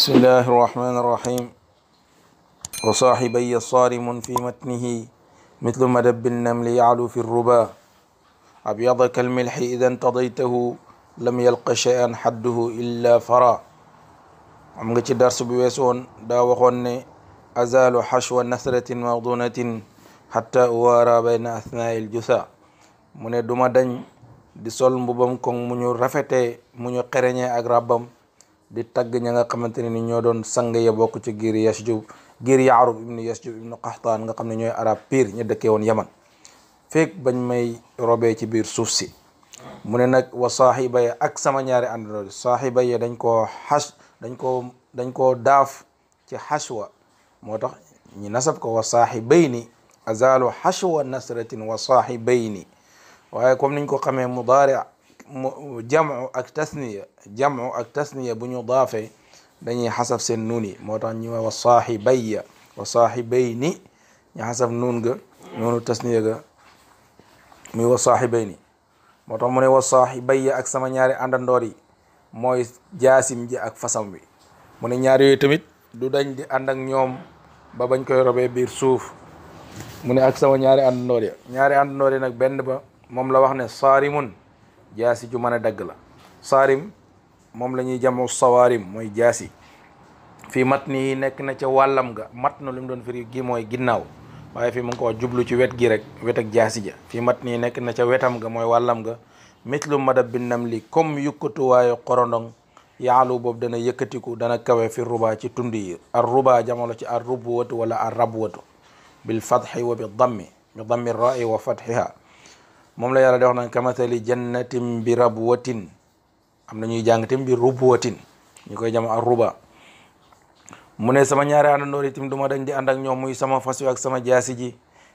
بسم الله الرحمن الرحيم وصاحبي صارم في متنه مثل مدب النمل يعلو في الربا أبيض كالملح إذا انتضيته لم يلق شيئا حده إلا فرا عمقت الدرس بويسون دا وخوني أزال حشو نثرة موضونة حتى أوارى بين أثناء الجثة من دمدن دي سول مبام كون منيو رفتي منيو قرنية أقربم di tagg ña nga xamante ne ni ñoo doon sang ya bokk ci giir Yasjub giir Yaarub ibnu Yasjub ibnu Qaxtaan nga xam ne ñooy arab piir ñu dëkkee woon Yaman feek bañ may robee ci biir suuf si mu ne nag wa saaxiba ya ak sama ñaari àndandoo saaxiba ya dañ koo xas dañ koo dañ koo daaf ci xaswa moo tax ñi nasab ko wa saaxibayni azaalu xaswa nasratin wa saaxibayni waaye comme niñ ko xamee mudaari jamu ak tasniya jamu ak tasniya bu ñu daafee dañuy xasaf seen nuun yi moo tax ñu wa saaxibayya wa saaxibayni ñu xasaf nuun ga noonu tasniya ga muy wa saaxibayni moo tax mu ne wa saaxibayya ak sama ñaari àndandoor yi mooy jaasim ji ak fasam wi mu ne ñaari yooyu tamit du dañ di ànd ak ñoom ba bañ koy robee biir suuf mu ne ak sama ñaari àndandoor ya ñaari àndandoor yi nag benn ba moom la wax ne saarimun jaasi ju mën a dagg la saarim moom la ñuy jamu sawaarim mooy jaasi fii mat nii nekk na ca wàllam nga mat na lu doon firi gi mooy ginnaaw waaye fii mu ngi ko jublu ci wet gi rek wet jaasi ja fii mat nii nekk na ca wetam ga mooy wàllam nga mitlu ma bi nam li comme yukkatuwaayu xorondong yaalu boobu dana yëkkatiku dana kawe fi ruba ci tund yi ar ruba jamono ci ar rubwatu wala ar rabwatu bil fatxi wa bi dammi bi dammi rai wa fatxiha moom la yàlla di wax naan kamathali jannatin bi rabwatin am na ñuy jàng tamit bi rubwatin ñu koy jama ak ruba mu ne sama ñaari àndandoor itam du ma dañ di ànd ak ñoom muy sama fas wi ak sama jaasi ji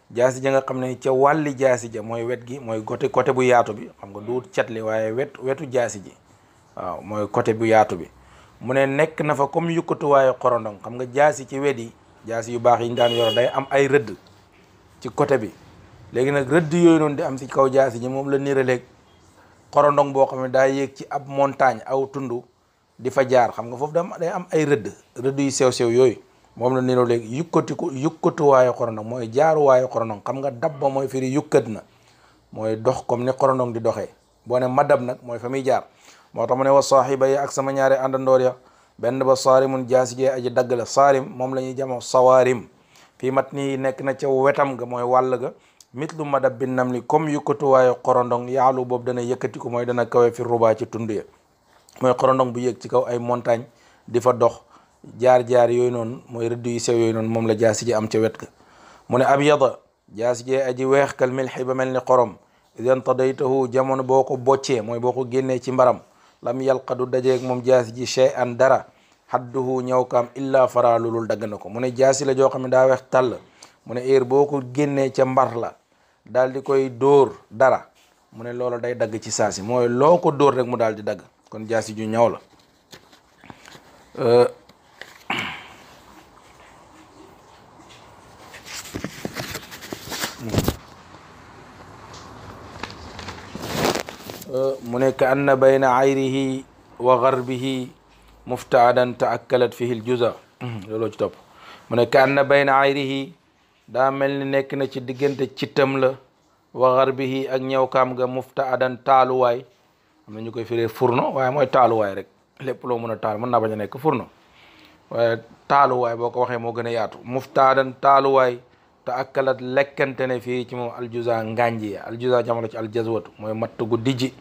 jaasi ja nga xam ne ca wàlli jaasi ja mooy wet gi mooy côté côté bu yaatu bi xam nga duut catli waaye wet wetu jaasi ji waaw mooy côté bu yaatu bi mu ne nekk na fa comme yukkatuwaayu xorondong xam nga jaasi ci wet yi jaasi yu baax yi ñu daan day am ay rëdd ci côté bi léegi nag rëdd yooyu noonu di am si kaw jaasi ñi moom la niraleeg xorondong boo xam ne yéeg ci ab montagne aw tund di fa jaar xam nga foofu da day am ay rëdd rëdd yu sew sew yooyu moom la niraleeg yukkatiku yukkatuwaayu xorondong mooy jaaruwaayu xorondong xam nga dab ba mooy firi yukkat na mooy dox comme ni xorondong di doxee boo ne madab nag mooy fa muy jaar moo tax mu ne wa saaxiba yi ak sama ñaari àndandoor ya benn ba saarimun jaasi jee aji dagg la saarim moom la ñuy jamo sawaarim fii mat nii nekk na ca wetam ga mooy wàll ga mitlu madab bi nam li comme yëkkatuwaayu xorondong yaalu boobu dana yëkkati mooy dana kawe fi rubaa ci tund mooy xorondong bu yéeg ci kaw ay montagne di fa dox jaar-jaar yooyu noonu mooy rëdd yu sew yooyu noonu moom la jaasi ji am ca wet ga mu ne ab yada jaasi jee aji weex kal milxi ba mel ni xorom idan tadaytahu jamono boo ko boccee mooy boo ko génnee ci mbaram lam yalqadu dajeeg moom jaasi ji chey an dara xadduhu ñawkaam illaa fara lulul dagg na ko mu ne jaasi la joo xam ne daa weex tàll mu ne heure boo ko génnee ca mbar la dal di koy dor dara mune lolo day dag ci sasi moy loko dor rek mu dal di dag kon jasi ju ñaw la mu ne ka anna bayna ayrihi wa garbihi muftaadan taakkalat fihi ljuza looloo ci topp mu ka anna bayna ayrihi daa mel ni nekk na ci diggante cittam la waxar bi ak kaam ga mufta adan taaluwaay am na ñu koy firee furno waaye mooy taaluwaay rek lépp loo mën a taal mën naa bañ nekk furno waaye taaluwaay boo ko waxee moo gën a yaatu mufta adan taaluwaay te akkalat lekkante ne fii ci moom aljuza nganji ya aljuza jamono ci aljazwatu mooy matt gu dijji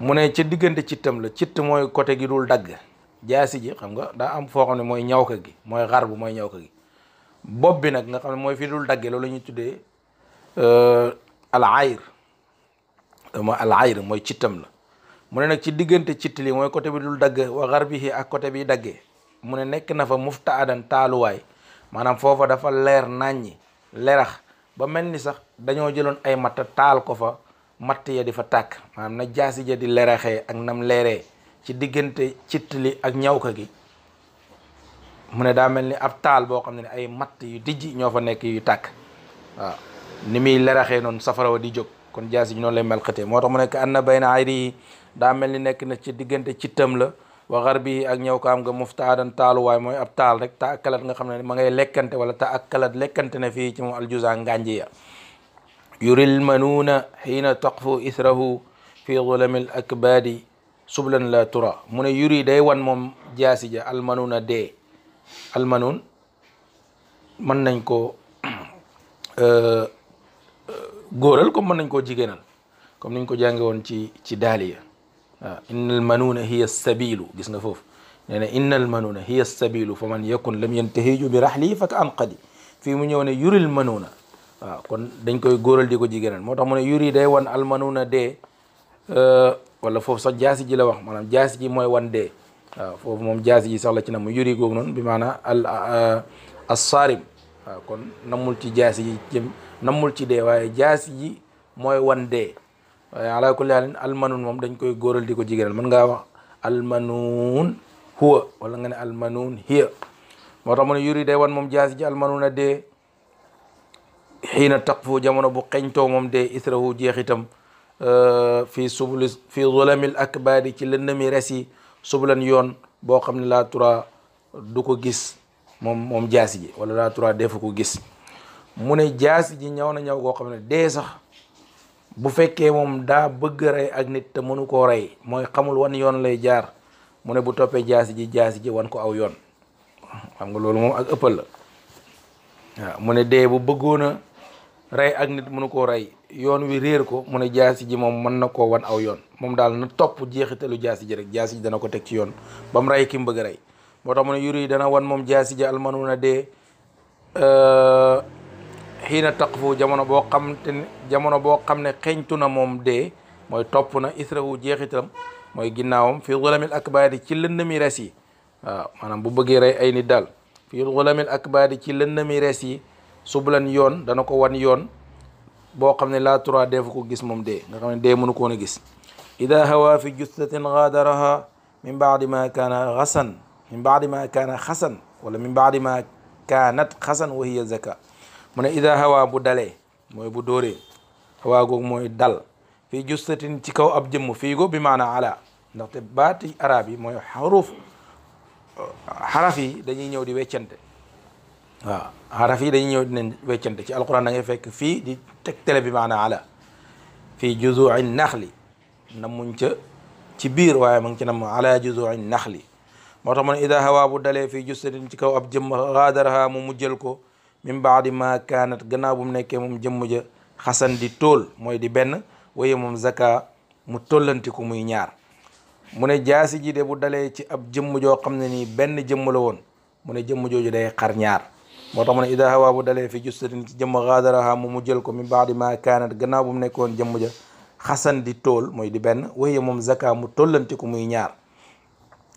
mu ne ca diggante cittam la citt mooy côté gi dul dagg jaasi ji xam nga daa am foo xam ne mooy ñawka gi mooy xar mooy ñawka gi bopp bi nag nga xam ne mooy fii dul dagge loolu la ñuy tuddee euh, alaayir mooy alaayir mooy cittam la mu ne nag ci diggante citt li mooy côté bi dul dagg wa garbihi ak côté bi dagge mu ne nekk na fa mufta adan taaluwaay maanaam foofa dafa leer naññi lerax ba mel ni sax dañoo jëloon ay matta taal ko fa matt ya di fa tàkk maanaam na jaasi ja di leraxee ak nam leere ci diggante citt li ak ñawka gi mu ne daa mel ni ab taal boo xam ne ay matt yu dijj ñoo fa nekk yu tàkk waaw ni muy leraxee noonu safara wa di jóg kon jaasi ji noonu lay mel xëtee moo tax mu nekk anna bayna ayrihi daa mel ni nekk na ci diggante ci tëm la wa garbi ak ñëw ko am nga muftaadan taaluwaay mooy ab taal rek ta akkalat nga xam ne ma ngay lekkante wala ta akkalat lekkante na fii ci mu aljuza nganji ya yuril manuuna xiina taqfu ithrahu fi zulami al akbaadi sublan la tura mu ne yuri day wan moom jaasi ja almanuuna dee almanoon mën nañ ko euh, góoral comme mën nañ koo jigéenal comme niñ ko jànge woon ci ci daaliya waaw inna almanuuna hiya sabilu gis nga foofu nee na inna almanuuna hiya sabilu fa man yakun lam yantahiju bi rahli fa ka anqadi fii mu ñëw ne yuril manuuna kon dañ koy góoral di ko jigéenal moo tax mu ne yuri day wan almanuuna dee euh, wala foofu sax jaasi ji la wax maanaam jaasi ji mooy wan dee waaw foofu moom jaasi ji sax la ci namm yuri googu noonu bi maanaam al assaarib waaw kon namul ci jaasi ji namul ci dee waaye jaasi ji mooy wan dee waaye ala kulli halin almanuun moom dañ koy góoral di ko jigéenal mën ngaa wax almanuun huwa wala nga ne almanuun hiya moo tax mu yuri day wan moom jaasi ji almanuun a dee xiina taqfu jamono bu xeñtoo moom dee israhu jeexitam euh, fi subli fi zulamil akbaadi ci lëndëmi res yi subulan yoon boo xam ne laa tura du ko gis moom moom jaasi ji wala laa tura defu ko gis mu ne jaasi ji ñaw na ñaw goo xam ne dee sax bu fekkee moom daa bëgg rey ak nit te mënu koo rey mooy xamul wan yoon lay jaar mu ne bu toppee jaasi ji jaasi ji wan ko aw yoon xam nga loolu moom ak ëppal la waaw mu ne dee bu bëggoona rey ak nit mënu koo rey yoon wi réer ko mu ne jaasi ji moom mën na koo wan aw yoon moom daal na topp jeexitalu jaasi ji rek jaasi dana ko teg ci yoon ba mu rey ki mu bëgg rey moo tax mu ne yuri dana wan moom jaasi ji almanuuna dee xiina eh, taqfu jamono boo xam te ne jamono boo xam ne xeñtu na moom dee mooy topp na israhu jeexitalam mooy ginnaawam fi xulamil akbaari ci lëndami res yi waaw maanaam bu bëggee rey ay nit daal fi xulamil akbaari ci lëndami res yi subulan yon dana ko wan yon bo xamne la 3 turaa ko gis mom de nga xamne de dee ko koon gis ida hawa fi justatin ghadaraha min ba'd ma kana ghasan min ba'd ma kana khasan wala min ba'd ma kanat khasan wa hiya zaka mune ida hawa bu dalé moy bu doré hawa gog moy dal fi justatin ci kaw ab jëm fi go bi mana ala ndaxte baati bati yi mooy xaruf harafi dañuy ñëw di weccante عرف يدين يودن ويتشن تشي القرآن نعرف في دي تكتل بمعنى على في جزء جذوع النخل نمونج كبير وهاي ممكن نم على جذوع النخل مرحبا إذا هوا بدل في جزء من جسر تكو أبجم غادرها ممجلكو من بعد ما كانت جناب من كم جمجة حسن دي تول موي دي بن وهي ممزكا متولن تكو مينار من جاسي جي دي بدل تي أبجم جو قمني بن جملون من جم جو جدي قرنيار moo tax mu ne ida hawa bu dalee fi justatin ci jëmm xaadaraha mu mu jël ko min baadi ma kaanat gannaaw bu mu nekkoon jëmm ja xasan di tool mooy di benn waye moom zaka mu tollantiku muy ñaar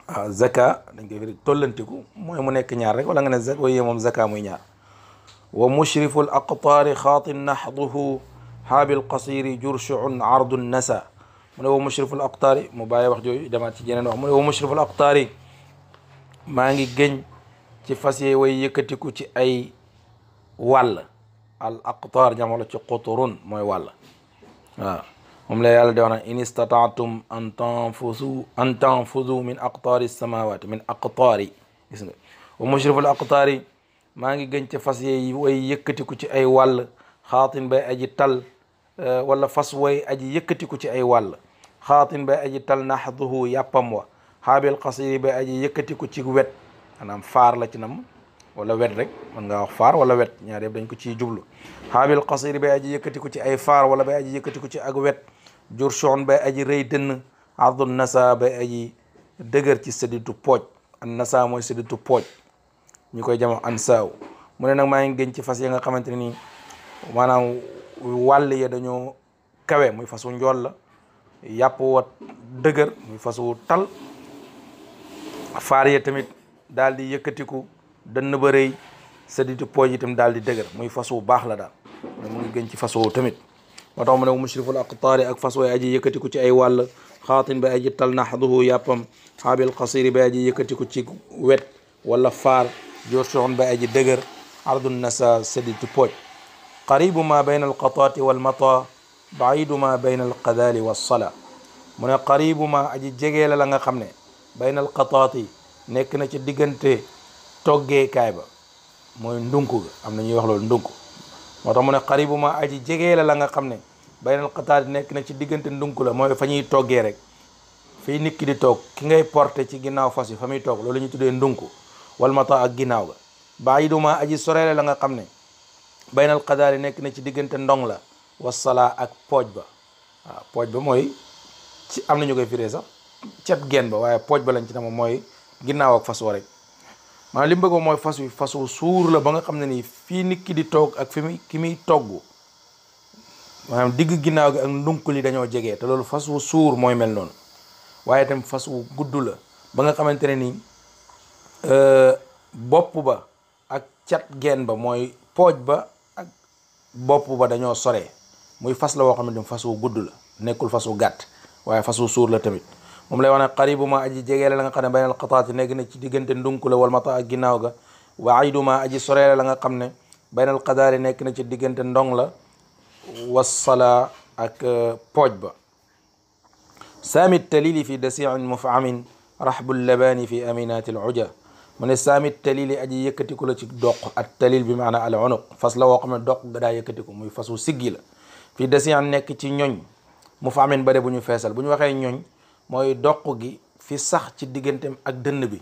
waaw zaka dañ koy firi tollantiku mooy mu nekk ñaar rek wala nga ne zaka waye moom zaka muy ñaar wa mushrifu l aqtaari xaatin naxduhu xaabil qasiri jurshun ardu nasa mu ne wa mushrifu l aqtaari mu bàyyi wax jooyu demaat ci jeneen wax mu ne wa mushrifu l aqtaari maa ngi gëñ ci fasiyé way yëkkatiku ci ay wàll al aqtar jamono ci quturun moy wàll wa mom la yàlla di wax in istata'tum an tanfusu an tanfuzu min aqtaris samawati min aqtari gis nga wa al aqtari ma ngi gën ci fasiyé way yëkkatiku ci ay wàll khatin bay aji tal wala fas way aji yëkkatiku ci ay wàll khatin bay aji tal nahdhu yapam wa habil qasir bay aji yëkkatiku ci wet maanaam faar la ci nam wala wet rek mën nga wax faar wala wet ñaar yëpp dañ ko ciy jublu xaabil xasiri bay aji yëkkatiku ci ay faar wala bay aji yëkkatiku ci ak wet jur soon ba aji rëy dënn ardul nasa bay aji dëgër ci sëdditu pooj an nasa mooy sëdditu pooj ñu koy jamo an saaw mu ne nag maa ngi gën ci fas ya nga xamante ne nii maanaam wàll ya dañoo kawe muy fas wu njool la yàpp wa dëgër muy fas wu tal faar ya tamit daldi yëkëtiku yëkkatiku dënn ba rëy sëdditu pooj itam daldi dëgër muy faso baax la daal mu ngi gën ci faso tamit moo tax mu ne mushriful aqtar ak faso ay aji yëkëtiku ci ay wàll xaatin ba aji tal naxduhu yapam habil qasir ba aji yëkëtiku ci wet wala far jor soxon ba aji dëgër ardun nasa sëdditu poñ qaribu ma bayna alqataati walmata baidu ma bayna alqadaali walsala mu ne qaribu ma aji jegee la la nga xam ne nekk na ci diggante toggeekaay ba mooy ndunk ga am na ñuy wax loolu ndunk moo tax mu ne xaribu ma aji jegee la la nga xam ne baynal xataat nekk na ci diggante ndunk la mooy fa ñuy toggee rek fii nit ki di toog ki ngay porté ci ginnaaw fas yi fa muy toog loolu ñu tuddee ndunk wal mata ak ginnaaw ga ma aji soree la nga xam ne baynal xadaali nekk na ci diggante ndong la wasala ak pooj ba waaw pooj ba mooy ci am na ñu koy firee sax cet geen ba waaye pooj ba lañ ci ne moom mooy ginnaaw ak fas wa rek maanaam li mu bëgg mooy fas wi fasu suur la ba nga xam ne nii fii nit ki di togg ak fi muy ki muy togg maanaam digg ginnaaw gi ak ndunk li dañoo jege te loolu fas wu suur mooy mel noonu waaye itam fas wu gudd la ba nga xamante ne nii euh, bopp ba ak cat geen ba mooy pooj ba ak bopp ba dañoo sore muy fas la woo xam ne fas wu gudd la nekkul fas wu gàtt waaye fas wu suur la tamit mom lay wone ne ma aji jegee la nga xamne bayna al xataati nekk na ci diggante ndunk la wal mata ak ginaaw ga wa aydu ma aji soree la nga xamne bayna al xadaari nekk na ci diggante ndong la was sala ak pooj ba saami talili fi dasiin mufamin rahbul labaani fi aminat al uja من ne التليل أجي aji yëkkatiku la ci doq at talil bi maana al unuq fas la woo xam ne doq ga daa yëkkatiku muy fasu siggi بني fi dasiin nekk ci mooy doq gi fi sax ci digganteem ak dënn bi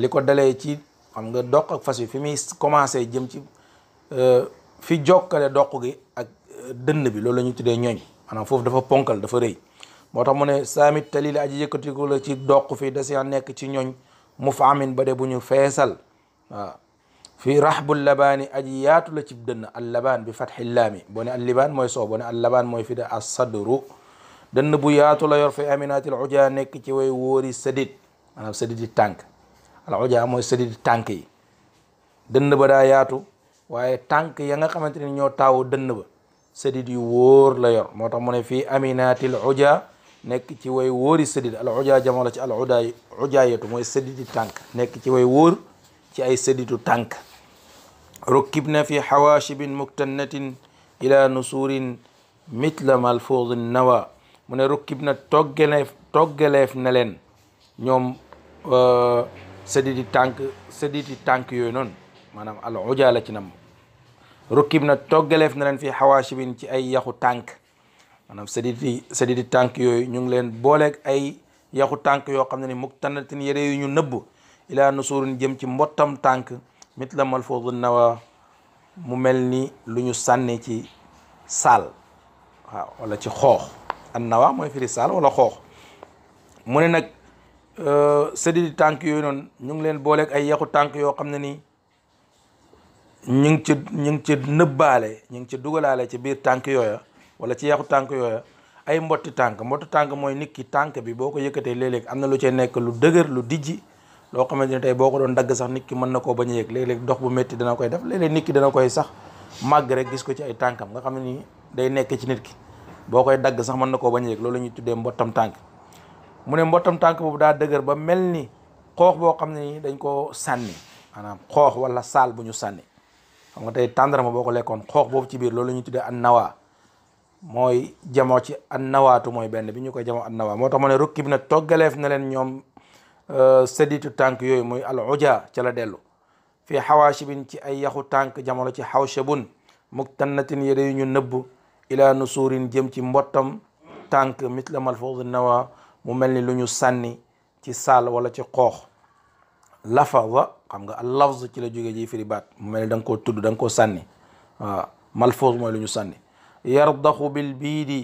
li ko dalee ci xam nga doq ak fas wi fi muy commencé jëm ci euh, fi jokkale doq gi ak euh, dënn bi loolu la ñu tuddee ñooñ maanaam foofu dafa ponkal dafa rëy moo tax mu ne saamit tali la aji ci doq fii da nekk ci ñooñ mu fa amin ba de bu ñu feesal waaw fii rahbul labaani aji yaatu la ci dënn al labaan bi fatxi laami boo ne libaan mooy soow boo ne labaan mooy fi de as sadru dënn bu yaatu la yor fi aminatil ujaa nekk ci way wóori sadit maanaam sadit yi tànk al ujaa mooy sadit tànk yi dënn ba daa yaatu waaye tànk ya nga xamante ni ñoo taawu dënn ba sadit yu wóor la yor moo tax mu ne fii aminatil ujaa nekk ci way wóori sadit al ujaa jamono ci al ujaa ujaayatu mooy sadit yi tànk nekk ci way wóor ci ay saditu tànk rukkib na fi xawaashibin muktannatin ila nusuurin mitla malfuudin nawa mu ne rukkib na toggeleef toggeleef na leen ñoom euh, sëditi tànk sëditi tànk yooyu noonu maanaam al ujaala ci nam rukkib na toggeleef na leen fii xawaashibin ci ay yaxu tànk maanaam sëditi sëditi tànk yooyu ñu ngi leen booleeg ay yaxu tànk yoo xam ne ni muktanatin yére yu ñu nëbb ilaa nusuurin jëm ci mbottam tànk mit la malfoodu nawa mu mel ni lu ñu sànni ci saal waaw wala ci xoox am na nawaa mooy firi saal wala xoox mu ne nag euh, sëddi tànk yooyu noonu ñu ngi leen booleeg ay yaxu tànk yoo xam ne nii ñu ngi ci ñu ngi ci nëbbaale ñu ngi ci dugalaale ci biir tànk yooya wala ci yaxu tànk yooya ay mbotti tànk mbotti tànk mooy nit ki tànk bi boo ko yëkkatee léeg-léeg am na lu cee nekk lu dëgër lu dijji loo xamante ne tey boo ko doon dagg sax nit ki mën na koo bañ a yëg léeg-léeg dox bu métti dana koy def léeg-léeg nit ki dana koy sax màgg rek gis ko ci ay tànkam nga xam ne nii day nekk ci nit ki boo koy dagg sax mën na koo ba a yëg loolu la ñuy tuddee mbottam tànk mu ne mbottam tànk boobu daa dëgër ba mel ni xoox boo xam ne ni dañ koo sànni maanaam xoox wala saal bu ñu sànni xam nga tey tàndarma boo ko lekkoon xoox boobu ci biir loolu la ñuy tuddee an nawaa mooy jamoo ci an nawaatu mooy benn bi ñu koy jamoo an nawaa moo tax mu ne rukkib na toggaleef na leen ñoom euh, sëdditu tànk yooyu mooy al uja ca la dellu fii xawaashibin ci ay yaxu tànk jamono ci xawshabun muktannatin yére yu ñu nëbb ila nusurin jëm ci mbottam tànk mitla malfawdi nawa mu mel ni lu ñu sànni ci saal wala ci xoox lafaza xam nga lafz ci la jóge ji firi baat mu mel ni da nga koo tudd da nga koo sànni waaw malfawd mooy lu ñu sànni yardaxu bil biidi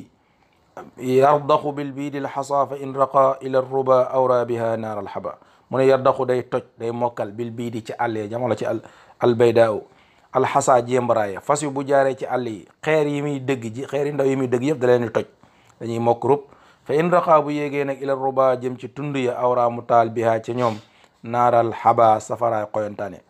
yardaxu bil biidi lxasa fa in raqa ila ruba awra biha naar alxaba mu ne yardaxu day toj day mokkal bil biidi ci àll ya jamono ci al albaydaaw alxasaa jémbaraaya fas yu bu jaaree ci àll yi xeer yi muy dëgg ji xeer yi ndaw yi muy dëgg yëpp da leen di toj dañuy mokk rub fa in raqaa bu yéegee nag ila ruba jëm ci tund ya awraa mu taal bihaa ca ñoom naaral xaba safaraay xoyantaane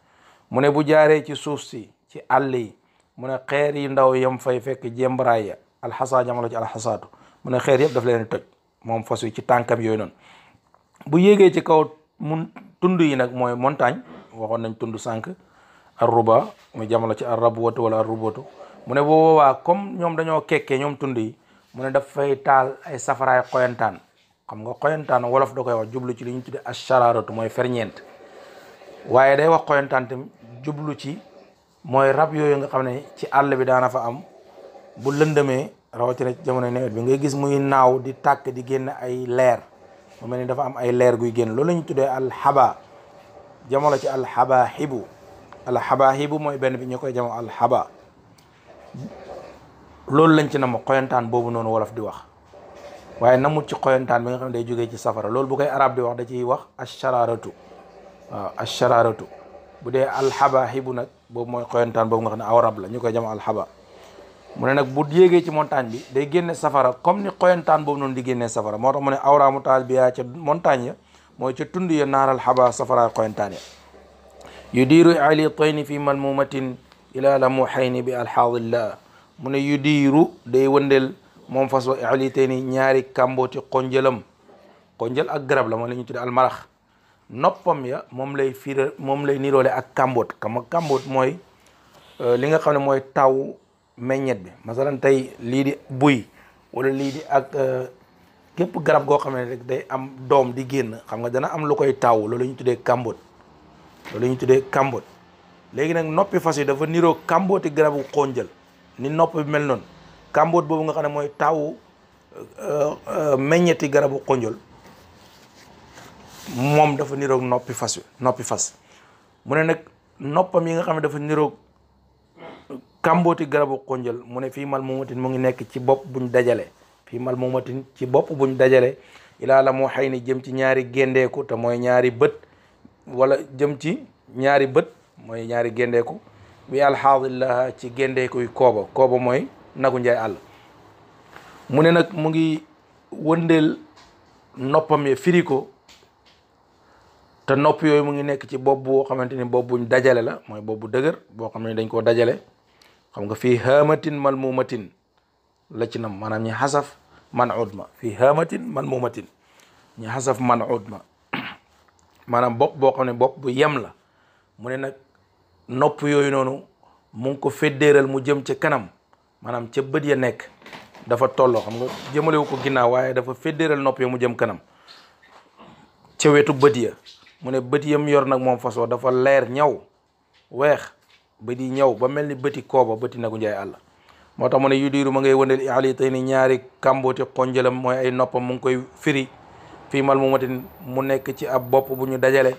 mu ne bu jaaree ci suuf si ci àll yi mu ne xeer yi ndaw yam fay fekk jémbaraaya alxasaa jamalo ci alxasaatu mu ne xeer yëpp daf leen di toj moom fas yu ci tànkam yooy noonu bu yéegee ci kaw mun tund yi nag mooy montagne waxoon nañ tund sànq arruba muy jamono ci a wala arrubatu mu ne boobaa comme ñoom dañoo kekkee ñoom tund yi mu ne dafay taal ay safaraay xoyantaan xam nga xoyantaan wolof da koy wax jublu ci li ñu tudde ashararatu mooy ferñeent waaye day wax xoyantaan tam jublu ci mooy rab yooyu nga xam ne ci àll bi daana fa am bu lëndëmee rawatina ci jamono nawet bi ngay gis muy naaw di tàkk di génn ay leer mu mel ni dafa am ay leer guy génn loolu la ñu tuddee alxaba jamono ci alxaba xibu الحباهيب موي بن بن يكو جامو الحبا لول لنج نام قوينتان بوبو نون ولاف دي واخ واي نامو تي قوينتان ميغا خاندي جوغي تي سفر لول بوكاي عرب دي واخ دا تي واخ الشرارتو الشرارتو بودي الحباهيب نك بوب موي قوينتان بوب خاندي عرب لا نيكو جامو الحبا مون نك بود ييغي تي مونتان بي داي ген سفر كوم ني قوينتان بوب نون دي ген سفر موتا مون اورامو تال بيا تي مونتان موي تي توندي نار الحبا سفر قوينتان yu yudiiru ali tayni fi malmumatin ila la mu xayni bi alxaadillah mu ne yudiiru day wëndeel moom fas wa ali tayni ñaari kàmbooti xonjëlam xonjël ak garab la moom la ñu tudde almarax noppam ya moom lay fiira moom lay niroole ak kàmboot xam nga mooy euh, li nga xam ne mooy taw meññet bi masalan tey lii di buy wala lii di ak euh, képp garab goo xam ne rek day am doom di génn xam nga dana am lu koy taw loolu la ñu tuddee kàmboot loolu la ñuy tuddee kàmboot léegi nag noppi fas yi dafa niroog kàmbooti garabu xonjal ni nopp bi mel noonu kàmboot boobu nga xam ne mooy taawu euh, euh, meññeti garabu xonjal moom dafa niroog noppi fas wi noppi fas mu ne nag noppam yi nga xam dafa niroog kàmbooti garabu xonjal mu ne fii mal moomatin mu ngi nekk ci bopp buñ dajale fii mal moomatin ci bopp buñ dajale ilaa la moo xëy ni jëm ci ñaari géndeeku te mooy ñaari bët wala jëm ci ñaari bët mooy ñaari gendeeku bi alxaadillaha ci gendeekuy kooba kooba mooy nagu njaay àll mu ne nag mu ngi wëndeel noppam ya firiko te nopp yooyu mu ngi nekk ci bopp boo xamante ni bopp buñ dajale la mooy bopp dëgër boo xam ne dañ koo dajale xam nga fii haamatin man muumatin la ci nam maanaam ñi xasaf man udma fii haamatin man muumatin ñi xasaf man udma maanaam bopp boo xam ne bopp bu yem la mu ne nag nopp yooyu noonu mu ngi ko féddeeral mu jëm ca kanam maanaam ca bët ya nekk dafa tolloo xam nga jëmalewu ko ginnaaw waaye dafa féddeeral nopp ya mu jëm kanam ca wetu bët ya mu ne bët yam yor nag moom façon dafa leer ñaw weex bët yi ñaw ba mel ni bëti kooba bëti nagu njaay àll moo tax mu ne yu diiru ma ngay wëndeel ali tey ni ñaari kàmbooti xonjalam mooy ay noppam mu ngi koy firi fii mal mumatin mu nekk ci ab bopp bu ñu dajale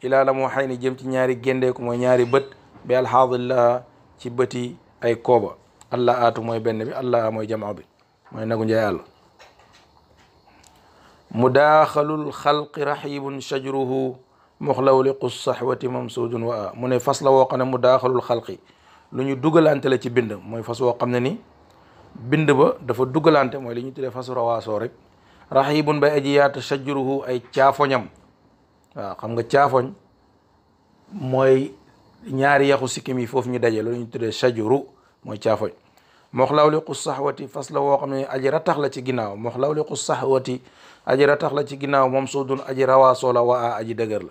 ilaa la moo xay ni jëm ci ñaari géndeeku mooy ñaari bët bi alxaadillaha ci bëti ay kooba allah aatu mooy benn bi allah mooy jamaa bi mooy nagu njaay àll mudaaxalul xalqi raxibun shajruhu muxlawliqu saxwati mamsudun wa a mu ne fas la woo xam ne mudaaxalul xalqi lu ñu dugalante la ci bind mooy fas woo xam ne ni bind ba dafa dugalante mooy li ñu tuddee fas rawaasoo rek rahibun bay aji yaata sajjuruhu ay caafoñam waaw xam nga caafoñ mooy ñaari yaxu sikkim yi foofu ñu daje loolu ñu tuddee sajuru mooy caafoñ mox lawliqu saxwati fas la woo xam ne aji ratax la ci ginnaaw mox lawliqu saxwati aji ratax la ci ginnaaw moom suudun aji rawaasoo la waa aji dëgër la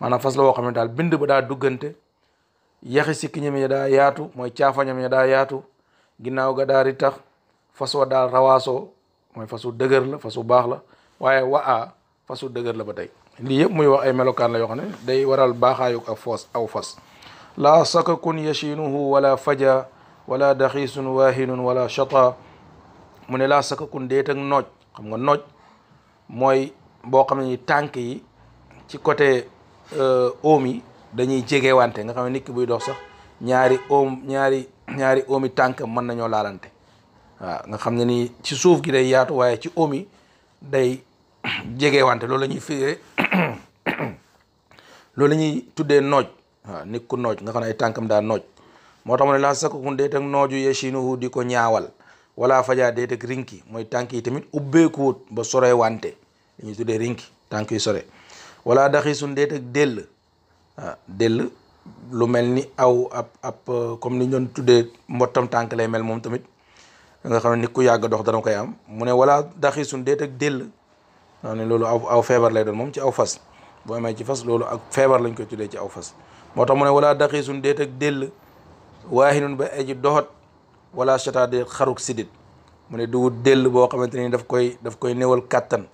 maanaam fas la woo xam ne daal bind ba daa duggante yaxi sikkiñam ya daa yaatu mooy caafoñam ya daa yaatu ginnaaw ga daa ritax fas wa daal rawaasoo mooy fasu dëgër la fasu baax la waaye waa fasu dëgër la ba tey lii yëpp muy wax ay melokaan la yoo xam ne day waral baaxaayuk ak foos aw fas laa sakakun yashinuhu wala faja wala daxiisun waahinun wala chata mu ne laa sakakun déet nooj xam nga nooj mooy boo xam ne tànk yi ci côté euh, oom yi dañuy jegewante nga xam ne buy dox sax ñaari oom ñaari ñaari oomi tànk mën nañoo laalante waaw nga xam ne ni ci suuf gi day yaatu waaye ci omi day jegewante loolu la ñuy firee loolu la ñuy tuddee nooj waaw nooj nga xam ne ay tànkam daal nooj moo tax mu ne laa sakkakun dee teg nooju yeshinuhu di ko ñaawal wala fajaa dee teg rinki mooy tànk yi tamit ubbeekuwut ba sore wante li ñuy tuddee rinki tànk yi sore wala daxiisun dee teg dell dell lu mel ni aw ab ab comme ni ñu doon tuddee mbottam tànk lay mel moom tamit nga xamne nit ku yag dox dana koy am mu ne wala dakhisun det ak del daa ne loolu aw aw feebar lay don mom ci aw fas bo may ci fas lolu ak febar lañ koy tuddee ci aw fas motax tax mu ne wala dakhisun det ak del wahinun ba aji dohot wala chata de xaruk sidit mu ne duwut déll boo xamante daf koy daf koy newal katan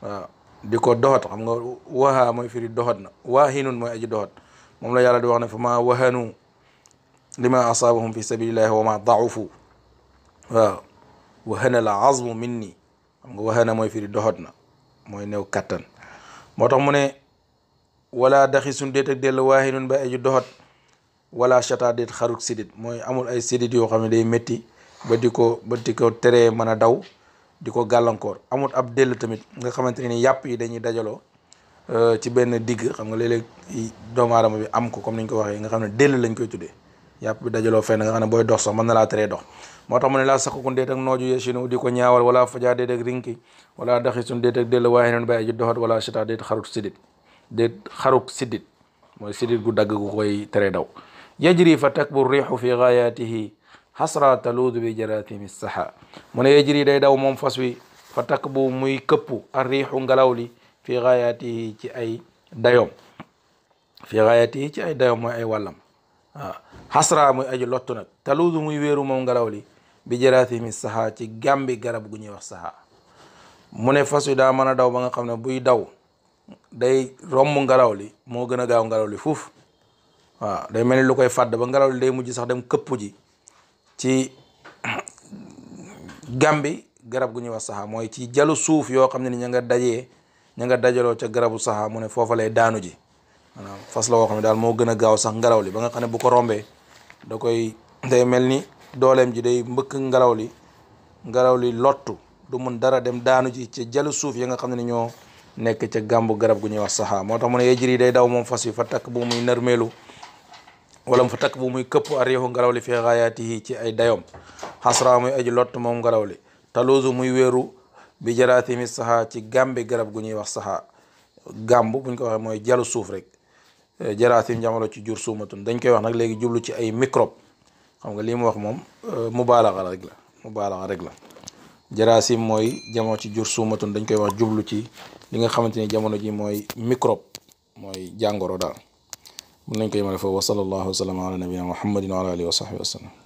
wa diko dohot xam nga waha moy firi dohot na wahinun moy aji dohot mom la yàlla di wax ne fa ma wahanu lima asaabahum fi sabilillahi wa ma daafu waaw waxee na la azmu min nii xam nga na mooy firi doxot na mooy néew kàttan moo tax mu ne wala daxi suñ déet ak dellu waahinun ba aju doxot wala chata déet xaruk sidit mooy amul ay sidit yoo xam ne day métti ba di ko ba di ko teree mën a daw di ko gàllankoor amul ab dell tamit nga xamante ne ni yàpp yi dañuy dajaloo euh, ci benn digg xam nga léeg-léeg doomu aadama bi am ko comme ni ko waxee nga xam ne dell lañ koy tuddee yàpp bi dajaloo fenn nga xam ne booy dox sax mën na laa teree dox motax tax mu ne laa sakku kun ak noju yesinu diko ko ñaawal wala faja deet ak rinki wala dakhisun deet ak del wahinun noonu bàyyi ju doxat wala sita deet kharuk sidit deet kharuk sidit moy sidit gu dag gu koy tere daw yajri fa takbur rihu fi ghayatihi hasra taludu bi jaratimi saha mu ne yajri day daw mom faswi fa takbu muy këppu a riixu ngelaw fi ghayatihi ci ay dayom fi ghayatihi ci ay dayom mooy ay walam hasra muy aji lottu nag taluudu muy weru mom ngelaw bi mi saha ci gambi garab gu ñuy wax saha mune fasu da mana daw ba nga xamne buy daw day rombu ngelaw li moo gaaw li fuf day melni lu koy fàdd ba li day mujj sax dem këpp ji ci gambi garab gu ñuy wax saha moy ci jalu suuf yo xamne ni nga dajé nga dajalo ci garabu saha mune fofu lay daanu ji maanaam fas la wax xam ne gaaw sax li ba nga xamne bu ko rombé da koy day melni. dooleem ji day mbëkk ngelaw li ngelaw li lottu du mun dara dem daanu ji ci jalu suuf ya nga xam ne ñoo nekk ca gàmbu garab gu ñuy wax saxaa moo tax mu ne yejër day daw moom fas yi fa takk bu muy nërmeelu wala mu takk bu muy këpp ar ngelaw li fi xaayaatihi ci ay dayom xasra muy aji lott moom ngelaw li taluusu muy wéeru bi jaraatimi saxaa ci gàmbi garab gu ñuy wax saxaa gàmb buñ ko waxee mooy jalu suuf rek eh, jaraatim jamono ci jur suumatun dañ koy wax nag léegi jublu ci ay microbe xam nga lii mu wax moom mubaalaxa rek la mubaalaxa rek la jaraasim mooy jamono ci jur suumatun dañ koy wax jublu ci li nga xamante ni jamono ji mooy microbe mooy jàngoro daal mun nañ koy mën a foofu wa sallallahu wa sallam ala nabina muhammadin wa ala alihi wa sahbihi wa